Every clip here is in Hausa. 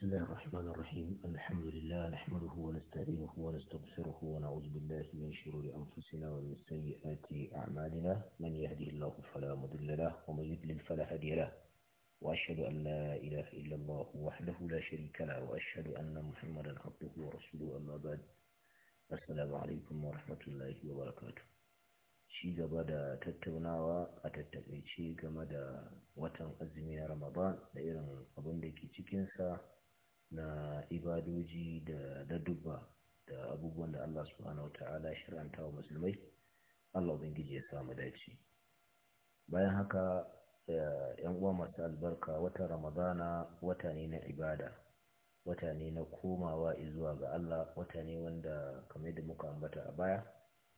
بسم الله الرحمن الرحيم الحمد لله نحمده ونستعينه ونستغفره ونعوذ بالله من شرور أنفسنا ومن سيئات أعمالنا من يهده الله فلا مضل له ومن يضلل فلا هادي له وأشهد أن لا إله إلا الله وحده لا شريك له وأشهد أن محمدا عبده ورسوله أما بعد السلام عليكم ورحمة الله وبركاته شي غبا دا tattaunawa a game da watan azumi na ramadan da irin abin da ke na ibadoji da dadubba da abubuwan da Allah subhanahu wa ta'ala shiranta wa musulmai Allah ubangiji ya samu dace bayan haka eh, yan uwa masu albarka wata ramadana wata ne na ibada wata ne na komawa zuwa ga Allah wata ne wanda kamar da muka ambata a baya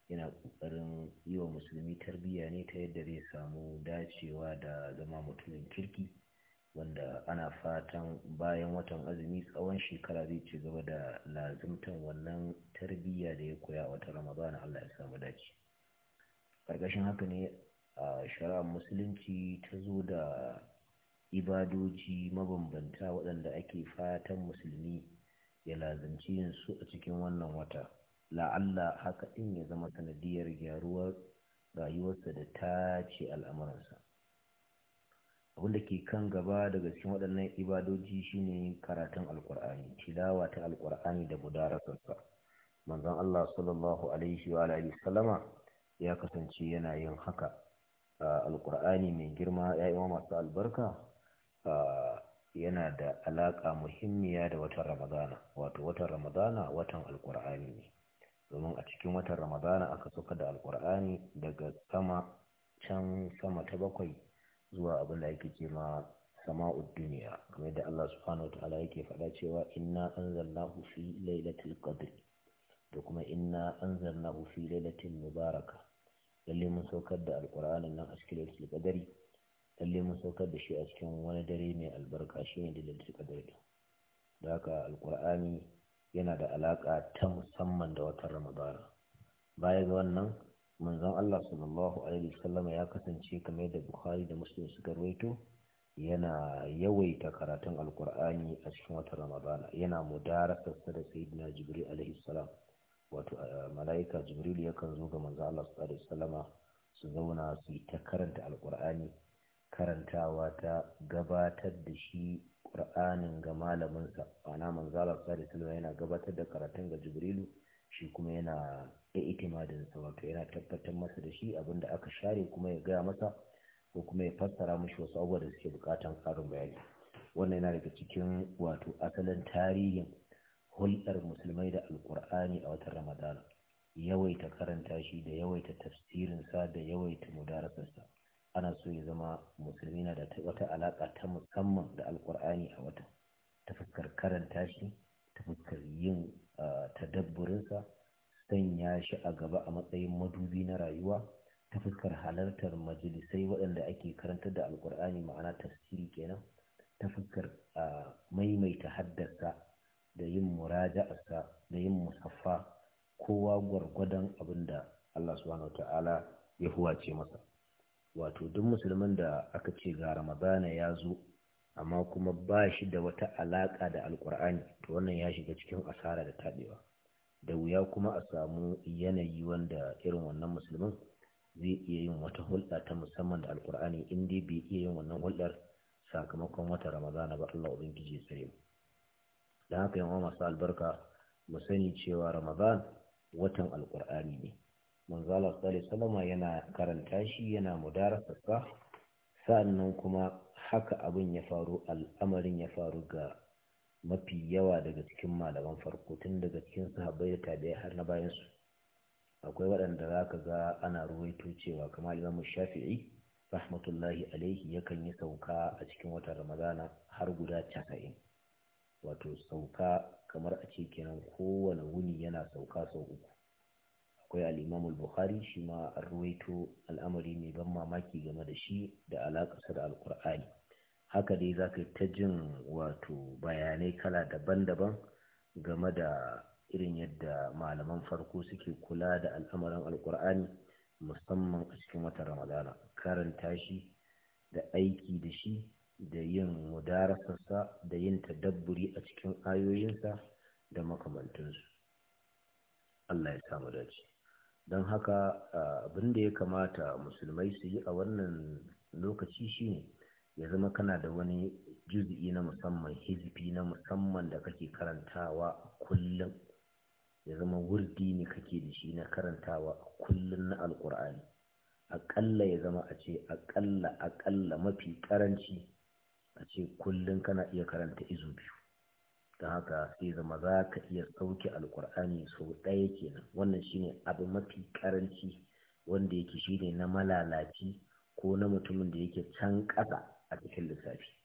yana ƙoƙarin yi wa musulmi tarbiyya ne ta yadda zai samu dacewa da zama mutumin kirki wanda ana fatan bayan watan azumi tsawon shekara zai ci gaba da lazimtan wannan tarbiyya da ya koya wata ramadana Allah ya samu dace ƙarƙashin haka ne a shari'ar musulunci ta zo da ibadoji mabambanta waɗanda ake fatan musulmi ya lazimci yin su a cikin wannan wata la'alla haka ɗin ya zama sanadiyar gyaruwar rayuwarsa da ta tace al'amuransa abinda ke kan gaba daga cikin waɗannan ibadoji shine karatun alkur'ani tilawa ta alkur'ani da mudarasarsa manzon Allah sallallahu alaihi wa alihi sallama ya kasance yana yin haka alkur'ani mai girma ya yi masu albarka yana da alaƙa muhimmiya da watan ramadana wato watan ramadana watan alkur'ani ne domin a cikin watan ramadana aka soka da alkur'ani daga sama can sama ta bakwai zuwa abin da yake ce ma sama'ud duniya kamar yadda Allah subhanahu ta'ala yake faɗa cewa inna anzalnahu fi lailatul qadr da kuma inna anzalnahu fi lailatin mubaraka lalle mun saukar da alqur'ani nan a cikin lailatul qadr lalle mun saukar da shi a cikin wani dare mai albarka shine da lailatul qadr din da haka alqur'ani yana da alaka ta musamman da watan ramadana baya ga wannan manzon Allah sallallahu alaihi wasallam ya kasance kamar da Bukhari da Muslim suka rawaito yana yawaita karatun alkur'ani a cikin watan ramadana yana mudarasa da sayyidina jibril alaihi salam wato mala'ika jibril yakan zo ga manzon Allah sallallahu alaihi wasallama su zauna su yi ta karanta alkur'ani karantawa ta gabatar da shi qur'anin ga malamin sa ana manzon Allah sallallahu alaihi wasallama yana gabatar da karatun ga jibrilu shi kuma yana ya da sa wato yana tabbatar masa da shi abinda aka share kuma ya gaya masa ko kuma ya fassara mashi wasu abubuwa da suke bukatan karin bayani wannan yana daga cikin wato asalin tarihin hulɗar musulmai da alkur'ani a watan ramadana yawaita karanta shi da yawaita tafsirinsa da yawaita mudarasarsa ana so ya zama musulmi na da wata alaka ta musamman da alkur'ani a wata. ta fuskar karanta shi ta fuskar yin tadabburinsa sanya shi a gaba a matsayin madubi na rayuwa ta fuskar halartar majalisai waɗanda ake karantar da alkur'ani ma'ana tafsiri kenan ta fuskar maimaita haddasa da yin muraja'arsa da yin musaffa kowa gwargwadon abin da Allah subhanahu wa ta'ala ya huwace masa wato duk musulmin da aka ce ga ramadana ya zo amma kuma ba shi da wata alaƙa da alƙur'ani to wannan ya shiga cikin asara da taɓewa da wuya kuma a samu yanayi wanda irin wannan musulmin zai iya yin wata hulɗa ta musamman da alƙur'ani in dai bai iya yin wannan hulɗar sakamakon wata ramadana ba Allah ubangiji ya tsare mu dan haka yawan masu albarka mu sani cewa ramadan watan alƙur'ani ne manzo Allah sallallahu alaihi yana karanta shi yana mudarasa sa'annan kuma haka abin ya faru al'amarin ya faru ga mafi yawa daga cikin malaman farko tun daga cikin sahabbai da tabi'ai har na bayansu. akwai waɗanda za ka ga ana ruwaito cewa kamar imam shafi'i rahmatullahi alaihi yakan yi sauka a cikin watan ramadana har guda casa'in wato sauka kamar a ce kenan kowane wuni yana sauka sau uku akwai al'imamu buhari shi ma ruwaito al'amari mai ban mamaki game da shi da alaƙarsa da alƙur'ani haka dai za ka yi ta jin wato bayanai kala daban-daban game da irin yadda malaman farko suke kula da al'amarin alƙur'ani musamman a cikin watan ramadana karanta shi da aiki da shi da yin mudarasarsa da yin tadabburi a cikin ayoyinsa da makamantansu Allah ya samu dace don haka abin da ya kamata musulmai su yi a wannan lokaci shine ya zama kana da wani juzi'i na musamman hizbi na musamman da kake karantawa kullum ya zama wurdi ne kake da shi na karantawa kullum na alkur'ani aƙalla ya zama a ce aƙalla aƙalla mafi ƙaranci a ce kullum kana iya karanta izu biyu ta haka sai zama za ka iya sauke alkur'ani sau ɗaya kenan wannan shine abu mafi karanci wanda yake shine na malalaci ko na mutumin da yake can ƙasa a cikin lissafi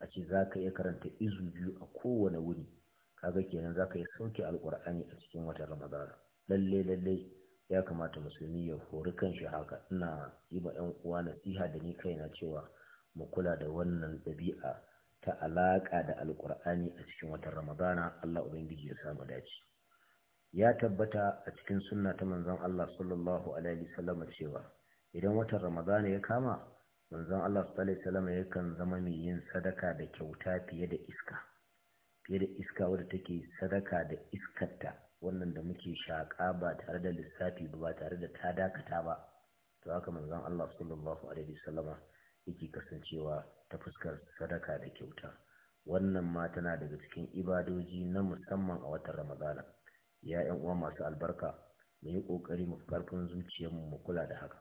a ce za ka iya karanta izu biyu a kowane wuri kaga kenan za ka iya sauke alkur'ani a cikin wata ramadana lalle lalle ya kamata musulmi ya hori shi haka ina yi ma 'yan uwa nasiha da ni kaina cewa mu kula da wannan ɗabi'a ta alaƙa da alƙur'ani a cikin watan ramadana Allah ubangiji ya samu dace ya tabbata a cikin sunna ta manzon Allah sallallahu alaihi wasallam cewa idan watan ramadana ya kama manzon Allah sallallahu alaihi wasallam yakan zama mai yin sadaka da kyauta fiye da iska fiye da iska wadda take sadaka da iskarta wannan da muke shaƙa ba tare da lissafi ba tare da ta dakata ba to haka manzon Allah sallallahu alaihi wasallama yake kasancewa ta fuskar sadaka da kyauta wannan ma tana daga cikin ibadoji na musamman a watan ramadana ya yan uwa masu albarka mu yi kokari mu karfin zuciyarmu mu kula da haka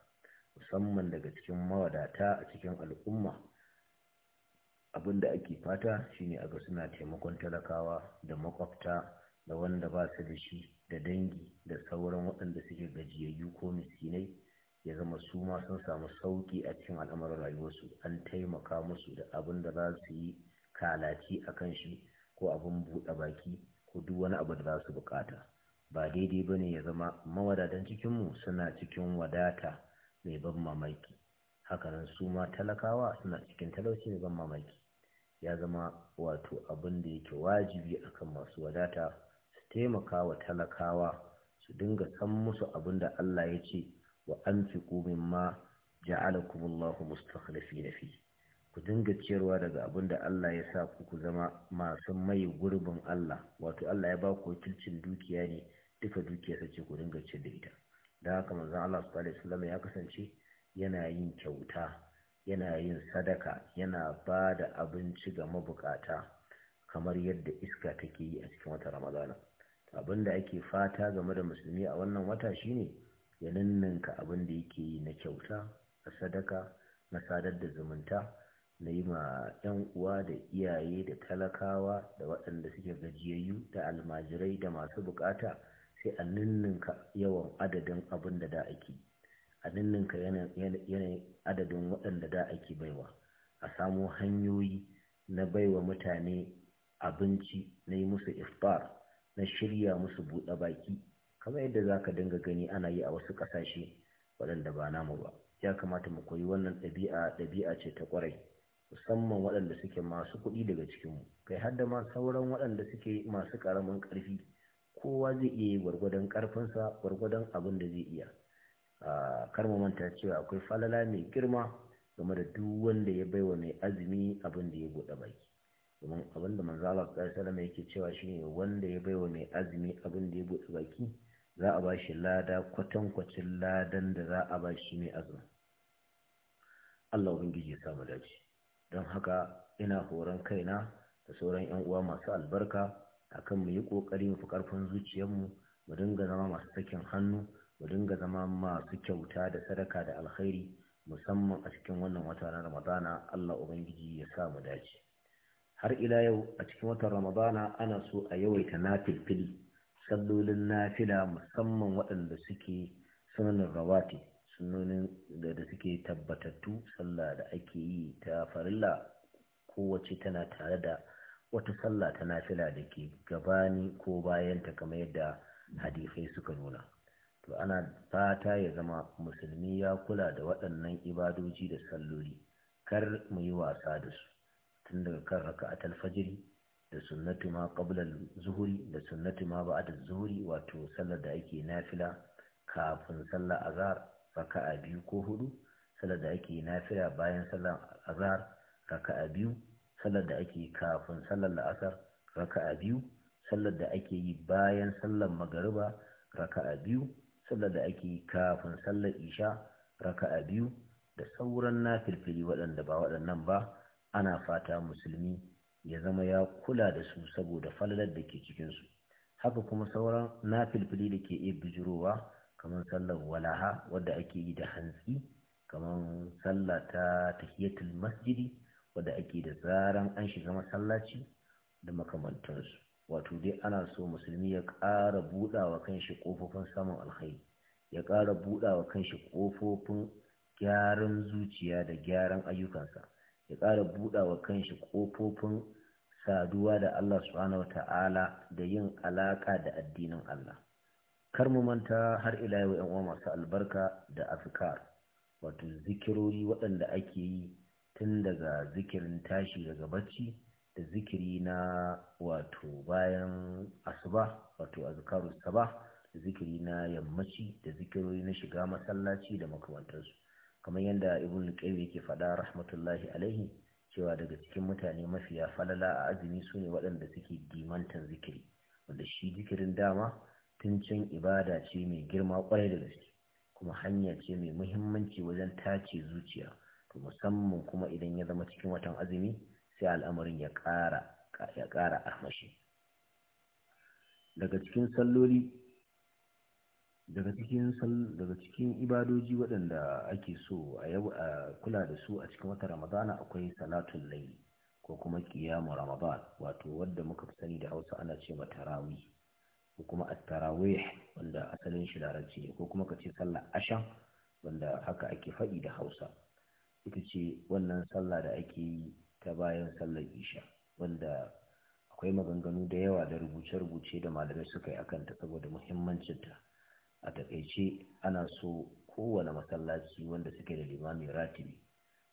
musamman daga cikin mawadata a cikin al'umma abin da ake fata shine a ga suna taimakon talakawa da makwabta da wanda ba su da shi da dangi da sauran waɗanda suke gajiyayyu ko miskinai ya zama su ma sun samu sauƙi a cikin al'amuran rayuwarsu an taimaka musu da abin da za su yi kalaci a kan shi ko abin buɗe baki ko duk wani abu da za su buƙata ba daidai ba ne ya zama mawadatan cikinmu suna cikin wadata mai ban mamaki hakanan su ma talakawa suna cikin talauci mai ban mamaki ya zama wato abin da yake wajibi akan masu wadata su taimaka wa talakawa su dinga san musu abin da Allah ya ce wa anfiqu mimma ja'alakumullahu mustakhlifina fi ku dinga ciyarwa daga abin da Allah ya sa ku ku zama masu mai gurbin Allah wato Allah ya ba ku wakilcin dukiya ne duka dukiya sace ku dinga ciyar da ita da haka manzon Allah sallallahu alaihi ya kasance yana yin kyauta yana yin sadaka yana ba da abinci ga mabukata kamar yadda iska take yi a cikin wata ramadana abinda ake fata game da musulmi a wannan wata shine ya ninninka abin da yake yi na kyauta a sadaka na sadar da zumunta na yi ma 'yan uwa da iyaye da talakawa da waɗanda suke gajiyayyu da almajirai da masu bukata sai a ninninka yawan adadin abin da da ake a ninninka yanayin adadin waɗanda da ake baiwa a samo hanyoyi na baiwa mutane abinci na yi musu iftar na shirya musu buɗe baki kamar yadda za ka dinga gani ana yi a wasu ƙasashe waɗanda ba namu ba ya kamata mu koyi wannan ɗabi'a ɗabi'a ce ta ƙwarai musamman waɗanda suke masu kuɗi daga cikinmu kai har da ma sauran waɗanda suke masu ƙaramin ƙarfi kowa zai iya yi gwargwadon ƙarfinsa gwargwadon abin da zai iya ah, kar mu manta cewa akwai falala mai girma game da duk wanda ya baiwa mai azumi abin da ya buɗe baki domin abin da manzo Allah sallallahu alaihi wasallam yake cewa shine wanda ya baiwa mai azumi abin da ya buɗe baki za a ba shi lada kwatankwacin ladan da za a ba shi mai azumi Allah Ubangiji ya samu dace don haka ina horon kaina da sauran 'yan uwa masu albarka akan mu yi kokari mu fi karfin zuciyarmu mu dinga zama masu sakin hannu mu dinga zama masu kyauta da sadaka da alkhairi musamman a cikin wannan wata na Ramadana Allah Ubangiji ya sa mu dace har ila yau a cikin watan Ramadana ana so a yawaita na fil-fili. sallolin nafila musamman waɗanda suke sunanin rawati sunanin da suke tabbatattu sallah da ake yi ta farilla kowace tana tare da wata sallah ta nafila da ke gabani ko bayan ta kamar yadda hadisai suka nuna to ana fata ya zama musulmi ya kula da waɗannan ibadoji da salloli kar mu yi wasa da su tun daga kan raka'atul fajiri da sunnatu ma zuhuri da sunnatu ma ba'da zuhuri wato sallar da ake nafila kafin sallar azhar raka'a biyu ko hudu sallar da ake nafila bayan sallar azhar raka'a biyu sallar da ake kafin sallar la'asar raka'a biyu sallar da ake yi bayan sallar magariba raka'a biyu sallar da ake kafin sallar isha raka'a biyu da sauran nafilfili waɗanda ba waɗannan ba ana fata musulmi ya zama ya kula da su saboda falalar da ke cikinsu haka kuma sauran na filfili da ke iya bijirowa kamar sallar walaha wadda ake yi da hantsi kamar sallah ta tahiyatul masjidi wadda ake da zaran an shiga masallaci da makamantansu wato dai ana so musulmi ya ƙara buɗawa kanshi ƙofofin saman alkhairi ya ƙara buɗawa kanshi ƙofofin gyaran zuciya da gyaran ayyukansa ya ƙara buɗa wa kanshi ƙofofin saduwa da Allah subhanahu wa ta'ala da yin alaƙa da addinin Allah kar mu manta har ila yau yanuwa uwa masu albarka da afkar wato zikirori waɗanda ake yi tun daga zikirin tashi daga bacci da zikiri na wato bayan asuba wato azkaru sabah da zikiri na yammaci da zikirori na shiga masallaci da makamantarsu kamar yadda ibn al-qayyim yake faɗa rahmatullahi alaihi cewa daga cikin mutane mafiya falala a azumi sune waɗanda suke dimantan zikiri wanda shi zikirin dama tun can ibada ce mai girma kwarai da gaske kuma hanya ce mai muhimmanci wajen tace zuciya to musamman kuma idan ya zama cikin watan azumi sai al'amarin ya ƙara ya ƙara armashi daga cikin salloli daga cikin daga cikin ibadoji waɗanda ake so a yau a kula da su a cikin wata ramadana akwai salatul layl ko kuma qiyamu ramadan wato wanda muka sani da Hausa ana ce ma tarawih ko kuma at-tarawih wanda asalin shi larabci ne ko kuma ka ce sallar ashan wanda haka ake faɗi da Hausa ita ce wannan sallah da ake yi ta bayan sallar isha wanda akwai maganganu da yawa da rubuce-rubuce da malamai suka yi akanta saboda muhimmancinta a takaice ana so kowane masallaci wanda suke da limami ratibi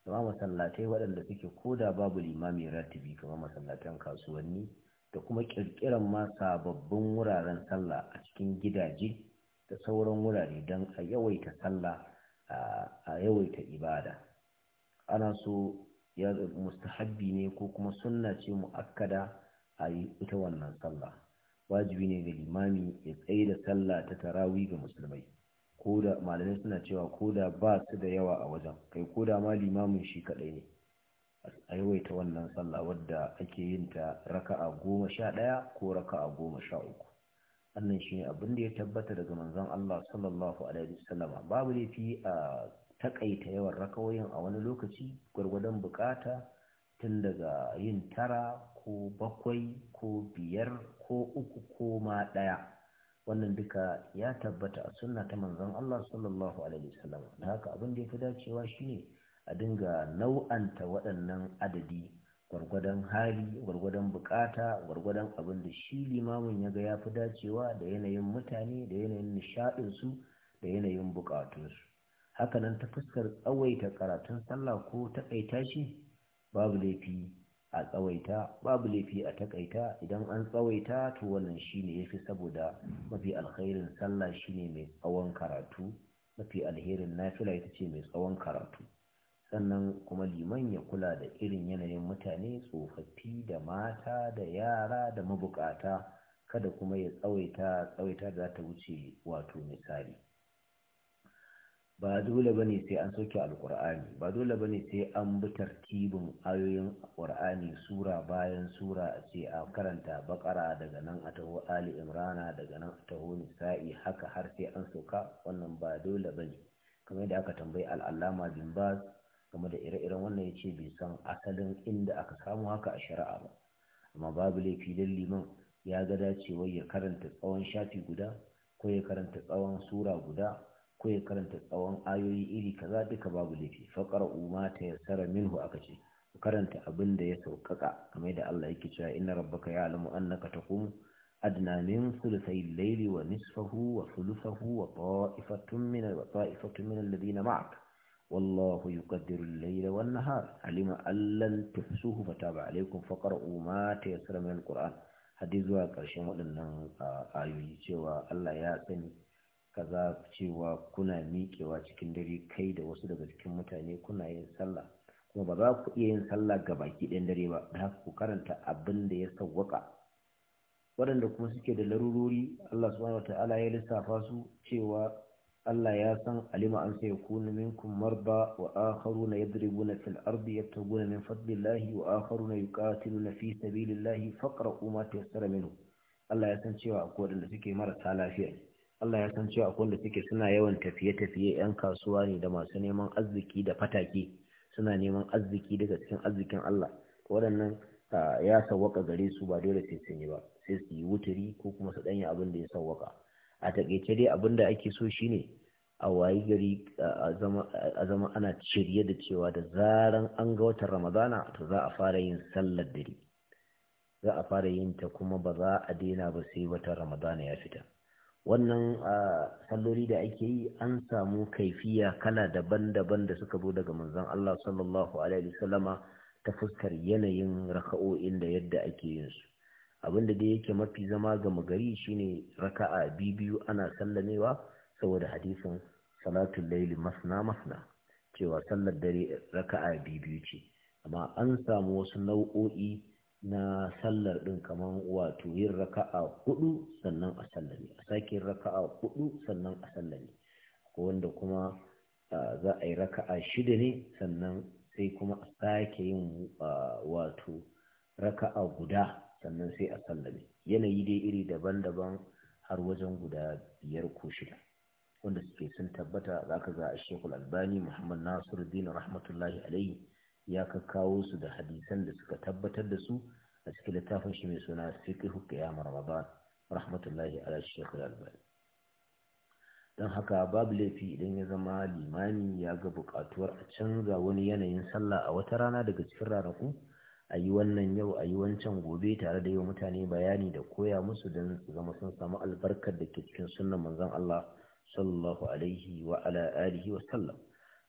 kama masallatai waɗanda suke koda babu limami ratibi kamar masallatan kasuwanni da kuma ƙirƙiran ma sababbin wuraren sallah a cikin gidaje da sauran wurare don a yawaita sallah a yawaita ibada ana so ya mustahabbi ne ko kuma sunna ce mu'akkada a yi ita wannan sallah wajibi ne ga limami ya tsaye da sallah ta tarawi ga musulmai koda malamai suna cewa koda ba su da yawa a wajen kai koda ma limamin shi kadai ne a yawaita wannan sallah wadda ake yin ta raka'a goma sha ɗaya ko raka'a goma sha uku annan shi ne abin da ya tabbata daga manzon Allah sallallahu alaihi wasallama babu laifi a takaita yawan rakawoyin a wani lokaci gwargwadon bukata tun daga yin tara ko bakwai ko biyar ko uku ko ma ɗaya wannan duka ya tabbata a sunna ta manzon Allah sallallahu alaihi wasallam da haka abin da ya fi dacewa shine a dinga nau'anta waɗannan adadi gwargwadon hali gwargwadon bukata gwargwadon abin da shi limamin ya ga ya dacewa da yanayin mutane da yanayin su da yanayin bukatunsu hakanan ta fuskar tsawaita karatun sallah ko taƙaita shi babu laifi a tsawaita babu laifi a takaita idan an tsawaita to wannan shine yafi saboda mafi alkhairin sallah shine mai tsawon karatu mafi alherin nafila ita ce mai tsawon karatu sannan kuma liman ya kula da irin yanayin mutane tsofaffi da mata da yara da mabukata kada kuma ya tsawaita tsawaita da za ta wuce wato misali ba dole bane sai an soke alkur'ani ba dole bane sai an bi tartibin ayoyin qur'ani sura bayan sura a ce a karanta bakara daga nan a taho ali imrana daga nan a taho nisa'i haka har sai an soka wannan ba dole bane kamar da aka tambayi al'allama bin baz game da ire-iren wannan ya ce bai san asalin inda aka samu haka a shari'a ba amma babu laifi don liman ya ga dacewar ya karanta tsawon shafi guda ko ya karanta tsawon sura guda ko karanta tsawon ayoyi iri kaza duka babu laifi faqara umma ta yassara minhu akace karanta abin da ya saukaka kamar da Allah yake cewa inna rabbaka ya'lamu annaka taqumu adna min thuluthay al-layli wa nisfahu wa thuluthahu wa ta'ifatun min wa ta'ifatun min alladhina ma'ak wallahu yuqaddiru al-layla wan nahar alima allan tuhsuhu fataba alaykum umma ta yassara min al-qur'an hadith zuwa ƙarshen waɗannan ayoyi cewa Allah ya sani kaza cewa kuna miƙewa cikin dare kai da wasu daga cikin mutane kuna yin sallah kuma ba za ku iya yin sallah ga baki ɗayan dare ba da haka ku karanta abin da ya sawwaka waɗanda kuma suke da larurori Allah subhanahu wata'ala ya lissafa su cewa Allah ya san alima an sai yakunu minkum marba wa akharuna yadribuna fil ardi yabtaguna min fadlillahi wa akharuna yuqatiluna fi sabilillahi faqra'u ma tayassara minhu Allah ya san cewa akwai waɗanda suke marasa lafiya Allah ya san cewa akwai wanda suke suna yawan tafiye-tafiye 'yan kasuwa ne da masu neman arziki da fatake suna neman arziki daga cikin arzikin Allah waɗannan ya sawwaka gare su ba dole sai sun yi ba sai su yi wuturi ko kuma su ɗanya abin da ya sawwaka a taƙaice dai abin da ake so shine a wayi gari a zama ana shirye da cewa da zaran an ga watan ramadana to za a fara yin sallar dare za a fara yin ta kuma ba za a daina ba sai watan ramadana ya fita wannan salloli da ake yi an samu kaifiya kala daban-daban da suka zo daga manzon Allah sallallahu alaihi wasallama ta fuskar yanayin raka'o'in da yadda ake yin su Abin da yake mafi zama ga magari shine raka'a biyu ana sallamewa saboda hadisin salatul layli masna masna cewa sallar dare raka'a biyu ce amma an samu wasu nau'o'i na sallar ɗin kamar wato yin raka'a hudu sannan a sallame a sake raka'a hudu sannan a sallame ko wanda kuma za a yi raka'a shida ne sannan sai kuma a sake yin wato raka'a guda sannan sai a sallame yanayi dai iri daban-daban har wajen guda biyar ko shida wanda suke sun tabbata za ka ga a shekul albani muhammad Nasiru, dina rahmatullahi alaihi ya kakkawo su da hadisan da suka tabbatar da su a cikin littafin shi mai suna fiqh qiyam ramadan rahmatullahi ala shaykh al-albani dan haka babu laifi idan ya zama limami ya ga buƙatuwar a canza wani yanayin sallah a wata rana daga cikin ranaku a yi wannan yau a yi wancan gobe tare da yau mutane bayani da koya musu don su zama sun samu albarkar da ke cikin sunnan manzon Allah sallallahu alaihi wa ala alihi wa sallam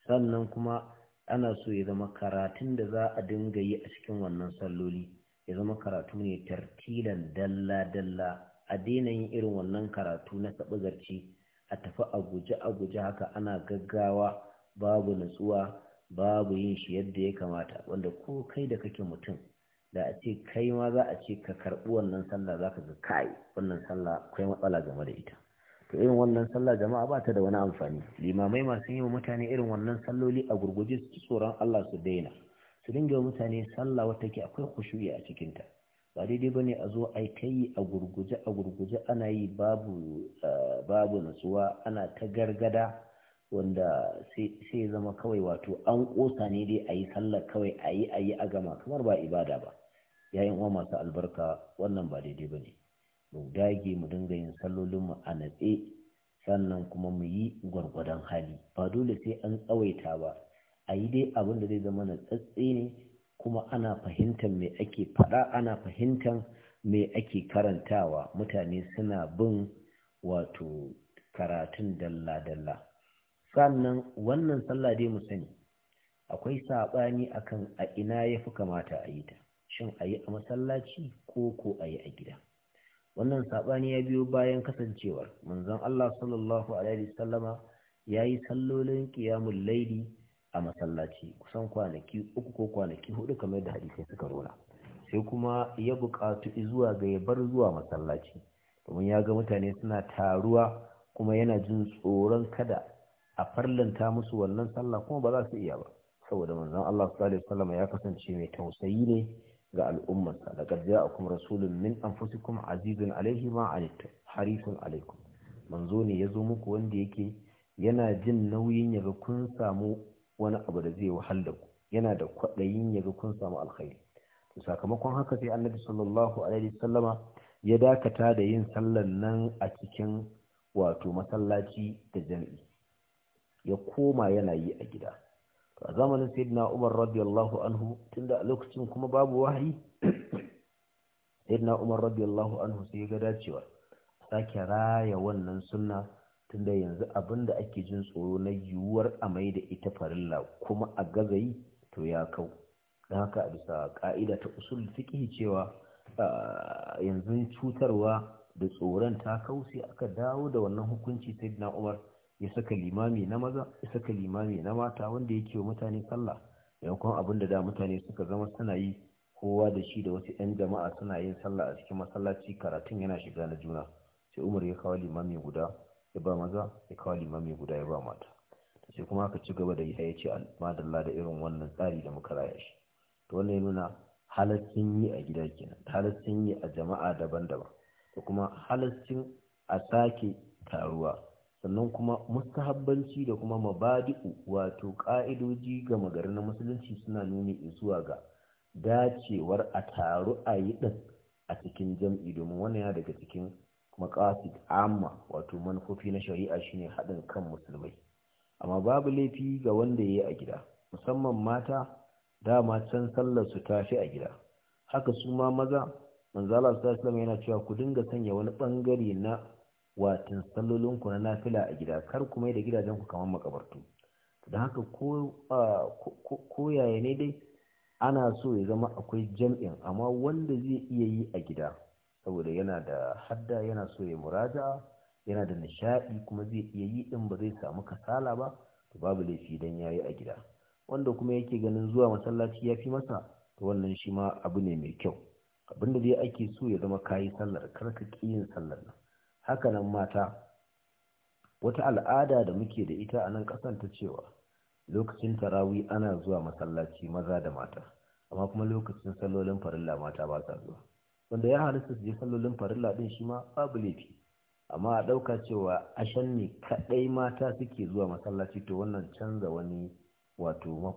sannan kuma ana so ya zama karatun da za a dinga yi a cikin wannan salloli ya zama karatu ne tartilan dalla-dalla a daina yin irin wannan karatu na taɓa-zarci a tafi a guje-a-guje haka ana gaggawa babu nutsuwa, babu yin shi yadda ya kamata wanda ko kai da kake mutum da a ce kai ma za a ce ka karɓi wannan sallah za ka ga kai wannan sallah akwai matsala game da ita to irin wannan sallah jama'a ba ta da wani amfani limamai masu yi wa mutane irin wannan salloli a gurguje su tsoron Allah su daina su dinga mutane sallah wata ke akwai kushuri a cikin ta ba daidai bane a zo ai ta yi a gurguje a gurguje ana yi babu eh, babu natsuwa ana ta gargada wanda sai zama kawai wato an kosa ne dai a yi sallar kawai a yi a yi a gama kamar ba ibada ba yayin uwa masu albarka wannan ba daidai ba ne mu dage mu dinga yin sallolinmu a natse sannan kuma mu yi gwargwadon hali ba dole sai an tsawaita ba a yi dai abin da zai zama na natsatse ne kuma ana fahimtar me ake faɗa ana fahimtar me ake karantawa mutane suna bin wato karatun dalla-dalla sannan wannan sallah dai mu sani akwai saɓani akan a ina ya fi kamata a yi ta shin a yi a masallaci ko ko a yi a gida wannan saɓani ya biyo bayan kasancewar manzon Allah sallallahu alaihi wasallama ya yi sallolin ƙiyamun laili a masallaci kusan kwanaki uku ko kwanaki hudu kamar da hadisai suka rona sai kuma ya buƙatu zuwa ga ya bar zuwa masallaci domin ya ga mutane suna taruwa kuma yana jin tsoron kada a farlanta musu wannan sallah kuma ba za su iya ba saboda manzon Allah sallallahu alaihi wasallama ya kasance mai tausayi ne ga al'ummarsa a kuma rasulun min kuma azizun alaihi ma anittum harisun alaikum manzo ne ya zo muku wanda yake yana jin nauyin yaga kun samu wani abu da zai wahal da ku yana da kwaɗayin yaga kun samu alkhairi to sakamakon haka sai annabi sallallahu alaihi wasallama ya dakata da yin sallan nan a cikin wato masallaci da jami'i ya koma yana yi a gida a zamanin sayyidina umar radiyallahu anhu tunda a lokacin kuma babu wahayi sayyidina umar radiyallahu anhu sai ga dacewa sake raya wannan sunna tunda yanzu abin da ake jin tsoro na yiwuwar amai da ita farilla kuma a gazayi to ya kau don haka a bisa ka'ida ta usul fiqh cewa yanzu cutarwa da tsoron ta kau sai aka dawo da wannan hukunci sayyidina umar ya saka limami na maza ya saka limami na mata wanda yake wa mutane sallah yankun abin da da mutane suka zama suna yi kowa da shi da wasu 'yan jama'a suna yin sallah a cikin masallaci karatun yana shiga na juna sai umar ya kawo limami guda ya ba maza ya kawo limami guda ya ba mata sai kuma aka ci gaba da ya ce madalla da irin wannan tsari da muka raya shi to wannan ya nuna halaccin yi a gida kenan halaccin yi a jama'a daban-daban da kuma halaccin a sake taruwa sannan kuma mustahabbanci da kuma mabadi'u wato ƙa'idoji ga magari musulunci suna nuni zuwa ga dacewar a taru a yi ɗin a cikin jam'i domin wannan ya daga cikin makasid amma wato manufofi na shari'a shine haɗin kan musulmai amma babu laifi ga wanda ya yi a gida musamman mata dama can sallar su tafi a gida haka su ma maza manzala sallallahu alaihi yana cewa ku dinga sanya wani bangare na watan ku na lafila a gida kar ku mai da gidajen ku kamar makabartu da haka ko yaya ne dai ana so ya zama akwai jam'in amma wanda zai iya yi a gida saboda yana da hadda yana so ya muraja yana da nishaɗi kuma zai iya yi in ba zai samu kasala ba to babu laifi dan yayi a gida wanda kuma yake ganin zuwa masallaci ya fi masa to wannan shi ma abu ne mai kyau abinda dai ake so ya zama kayi sallar kar ka ƙi yin sallar nan hakanan mata wata al'ada da muke da ita a nan ƙasan ta cewa lokacin tarawi ana zuwa masallaci maza da mata amma kuma lokacin sallolin farilla mata ba sa zuwa wanda ya halitta su je sallolin farilla din shi ma babu laifi amma a ɗauka cewa ashan ne kaɗai mata suke zuwa masallaci to wannan canza wani wato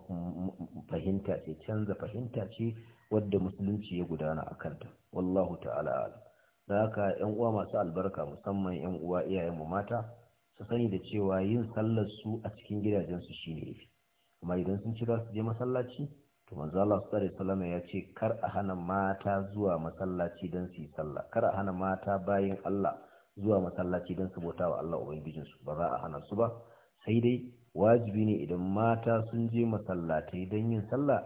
fahimta ce canza fahimta ce wadda musulunci ya gudana a kanta wallahu ta'ala alam da haka yan uwa masu albarka musamman yan uwa iyayen mu mata su sani da cewa yin sallar su a cikin gidajen su shine yafi kuma idan sun ci su je masallaci to manzo Allah sallallahu alaihi ya ce kar a hana mata zuwa masallaci don su yi sallah kar a hana mata bayin Allah zuwa masallaci don su bauta wa Allah su ba za a hana su ba sai dai wajibi ne idan mata sun je masallatai don yin sallah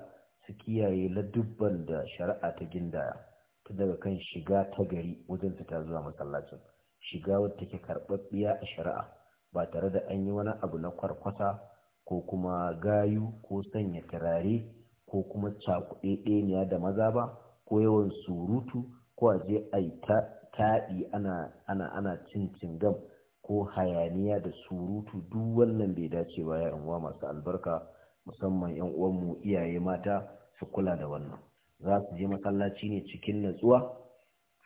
su kiyaye ladubban da shari'a ta gindaya daga kan shiga ta gari wajen fita zuwa masallacin shiga wadda take karɓaɓɓiya a shari'a ba tare da an yi wani abu na kwarkwata ko kuma gayu ko sanya turare ko kuma cakuɗeɗeniya da maza ba ko yawan surutu ko a je a yi taɗi ana ana ana cin cingam ko hayaniya da surutu duk wannan bai dace ba ya uwa masu albarka musamman 'yan uwanmu iyaye mata su kula da wannan za su je masallaci ne cikin natsuwa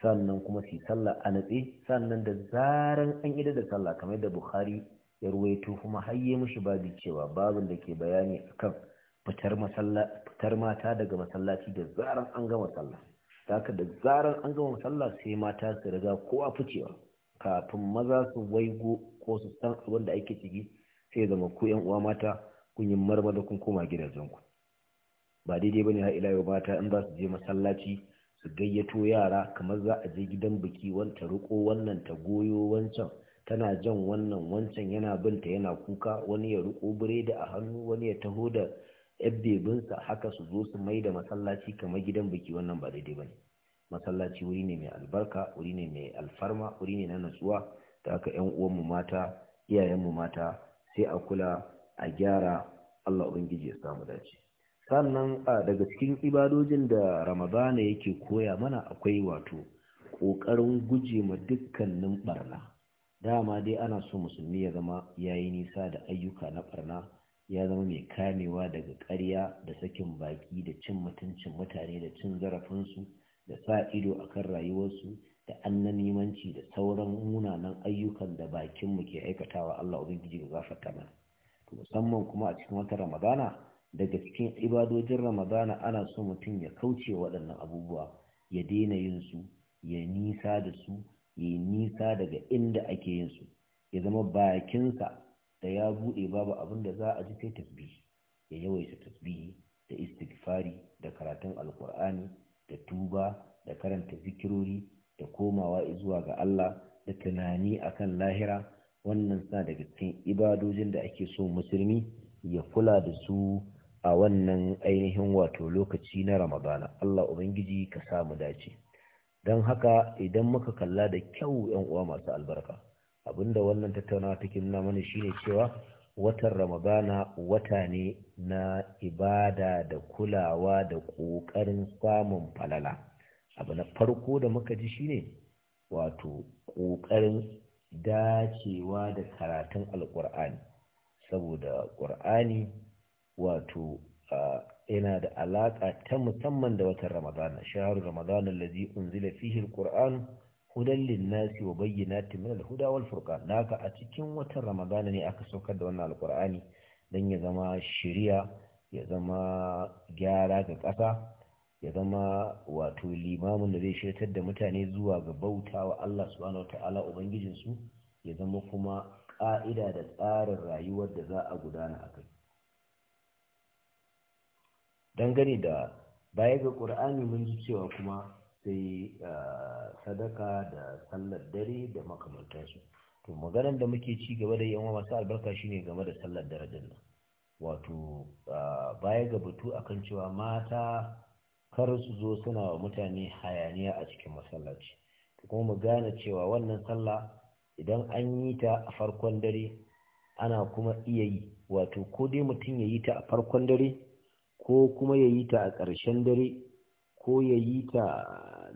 sannan kuma su sallah a natse sannan da zaran an yi da sallah kamar da bukhari ya ruwaito kuma hayye mishi babu cewa babin da ke bayani akan fitar fitar mata daga masallaci da zaran an gama sallah haka da zaran an gama sallah sai mata su riga ko a ficewa kafin maza su waigo ko su san abin da ake ciki sai zama ku yan uwa mata kun yi marmada kun koma gidajen ku. ba daidai bane har ila yau mata in za su je masallaci su gayyato yara kamar za a je gidan biki wanta riko wannan ta goyo wancan tana jan wannan wancan yana binta yana kuka wani ya riko biredi a hannu wani ya taho da yan bebinsa haka su zo su mai da masallaci kamar gidan biki wannan ba daidai bane masallaci wuri ne mai albarka wuri ne mai alfarma wuri ne na natsuwa da haka yan uwanmu mata iyayen mu mata sai a kula a gyara Allah ubangiji ya samu dace sannan a daga cikin ibadojin da ramadana yake koya mana akwai wato ƙoƙarin guje ma dukkanin barna dama dai ana so musulmi ya zama ya yi nisa da ayyuka na barna ya zama mai kamewa daga ƙarya da sakin baki da cin mutuncin mutane da cin zarafinsu da sa ido a kan rayuwarsu da annanimanci da sauran munanan ayyukan da bakinmu ke aikatawa Allah Ubangiji ga gafarta mana musamman kuma a cikin watan Ramadana daga cikin ibadojin ramadana ana so mutum ya kauce waɗannan abubuwa ya daina yin su ya nisa da su ya nisa daga inda ake yin su ya zama bakinsa da ya buɗe babu abin da za a ji sai tasbihi ya yawaita tasbihi da istighfari da karatun alkur'ani da tuba da karanta zikirori da komawa zuwa ga Allah da tunani akan lahira wannan sa daga cikin ibadojin da ake so musulmi ya kula da su a wannan ainihin wato lokaci na ramadana Allah ubangiji ka samu dace don haka idan muka kalla da kyau yan uwa masu albarka abinda wannan tattaunawa take nuna mana shine cewa watan ramadana wata ne na ibada da kulawa da ƙoƙarin samun falala abu na farko da muka ji shine wato ƙoƙarin dacewa da karatun alƙur'ani saboda ƙur'ani wato yana da alaƙa ta musamman da watan ramadana shahar ramadana lazi unzila fihi alquran hudan linnasi wa bayyinatin min alhuda wal furqan naka a cikin watan ramadana ne aka saukar da wannan alqur'ani dan ya zama shiriya ya zama gyara ga ƙasa ya zama wato limamin da zai shirtar da mutane zuwa ga bauta wa Allah subhanahu ubangijin su ya zama kuma ƙa'ida da tsarin rayuwar da za a gudana a kai dangane da baya ga ƙur'ani mun ji cewa kuma sai sadaka da sallar dare da makamantarsu, to maganar da muke ci gaba da yawan masu albarka shine game da sallar dare din nan wato baya ga batu akan cewa mata kar su zo suna wa mutane hayaniya a cikin masallaci to kuma mu gane cewa wannan sallah idan an yi ta a farkon dare ana kuma iya yi wato ko dai mutum ya yi ta a farkon dare ko kuma ya yi ta a ƙarshen dare ko ya yi ta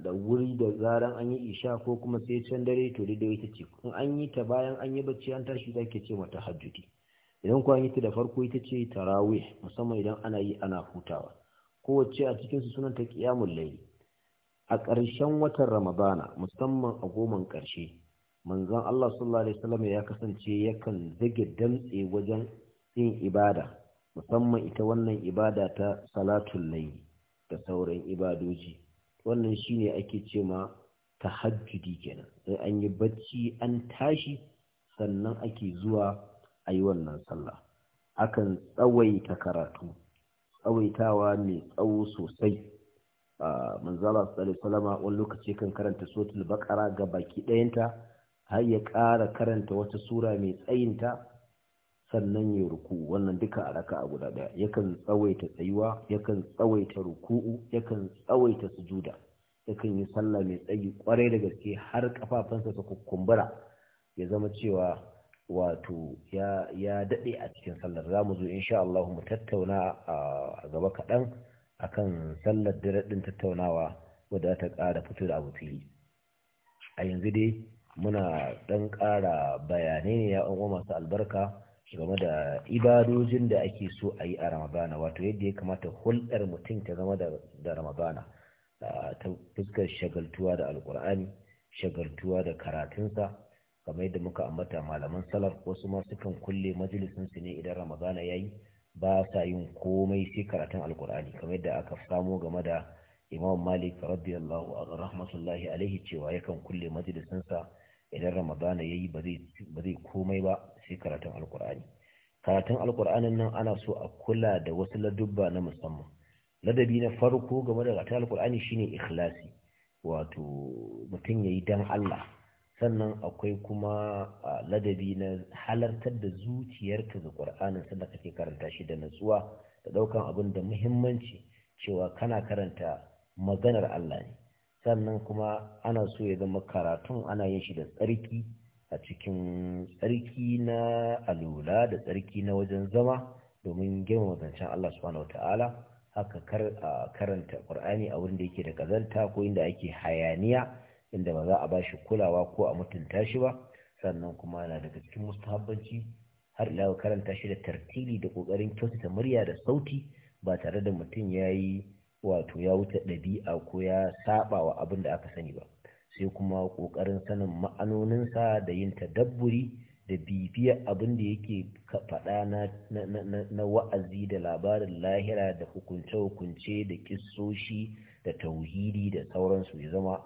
da wuri da zaran an yi isha ko kuma sai can dare to da ita ce in an yi ta bayan an yi bacci an tashi za ke ce mata hajjudi idan kuwa yi ta da farko ita ce tarawih musamman idan ana yi ana hutawa kowace a cikin su ta qiyamul layl a ƙarshen watan ramadana musamman a goman ƙarshe manzon Allah sallallahu alaihi wasallam ya kasance yakan zage damtse wajen yin ibada musamman ita wannan ibada ta salatul layi da sauran ibadoji wannan shine ake ce ma tahajjudi kenan sai an yi bacci an tashi sannan ake zuwa a yi wannan sallah akan tsawaita karatu tsawaitawa mai tsawo sosai manzala sallallahu salama wani lokaci kan karanta sotul bakara ga baki ɗayanta har ya ƙara karanta wata sura mai tsayinta sannan ya ruku wannan duka a a guda daya yakan tsawaita tsayuwa yakan tsawaita ruku'u yakan tsawaita sujuda yakan yi sallah mai tsayi kwarai da gaske har kafafansa su kumbura ya zama cewa wato ya ya dade a cikin sallar za mu zo insha Allah mu tattauna a gaba kaɗan akan sallar da din tattaunawa wadda ta ƙara fito da abu fili a yanzu dai muna ɗan ƙara bayanai ne ya masu albarka game da ibadojin da ake so a yi a ramadana wato yadda ya kamata hulɗar mutum ta zama da ramadana ta fuskar shagaltuwa da alkur'ani shagaltuwa da karatunsa kamar yadda muka ambata malaman salaf wasu ma sukan kulle majalisinsu ne idan ramadana ya yi ba sa yin komai sai karatun alkur'ani kamar yadda aka samo game da imam malik radiyallahu a rahmatullahi alaihi cewa yakan kulle majalisinsa idan ramadana ya yi ba zai komai ba sai karatun alkur'ani karatun alkur'anin nan ana so a kula da wasu ladubba na musamman ladabi na farko game da karatun alkur'ani shine ikhlasi wato mutum yayi dan Allah sannan akwai kuma ladabi na halartar da zuciyarka ga qur'anin sanda kake karanta shi da natsuwa da daukan abin da muhimmanci cewa kana karanta maganar Allah ne sannan kuma ana so ya zama karatun ana yin shi da tsarki a cikin tsarki na alula da tsarki na wajen zama domin girmama zancen Allah subhanahu wataala haka karanta Qur'ani a wurin da yake da kazanta ko inda ake hayaniya inda ba za a bashi kulawa ko a mutunta shi ba sannan kuma yana daga cikin mustahabbanci har ila karanta shi da tartili da kokarin kyautata murya da sauti ba tare da mutum yayi wato ya wuce dabi'a ko ya saba wa abin da aka sani ba sai kuma ƙoƙarin sanin ma'anoninsa da yin tadabburi da bibiyar abin da yake faɗa na wa'azi da labarin lahira da hukunce-hukunce da kissoshi da tauhidi da sauransu ya zama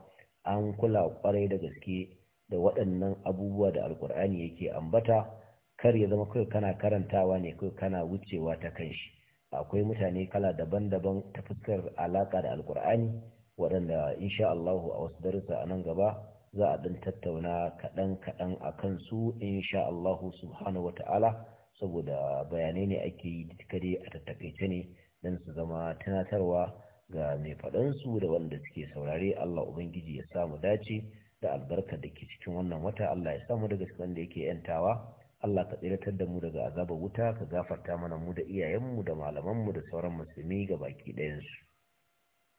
an kula ƙwarai da gaske da waɗannan abubuwa da alkur'ani yake ambata kar ya zama kawai kana karantawa ne kawai kana wucewa ta kanshi. akwai mutane kala daban-daban ta fuskar alaƙa da alkur'ani waɗanda insha Allahu a wasu darussa a nan gaba za a ɗan tattauna kaɗan-kaɗan a kansu insha Allahu subhanahu wata'ala saboda bayanai ne ake yi dukkan a tattakaice ne don su zama tunatarwa ga mai faɗansu da wanda suke saurare Allah Ubangiji ya samu dace da albarkar da ke cikin wannan wata Allah ya samu daga cikin da yake yantawa Allah ka tsiratar da mu daga azabar wuta ka gafarta mana mu da iyayenmu da malamanmu da sauran musulmi ga baki ɗayansu.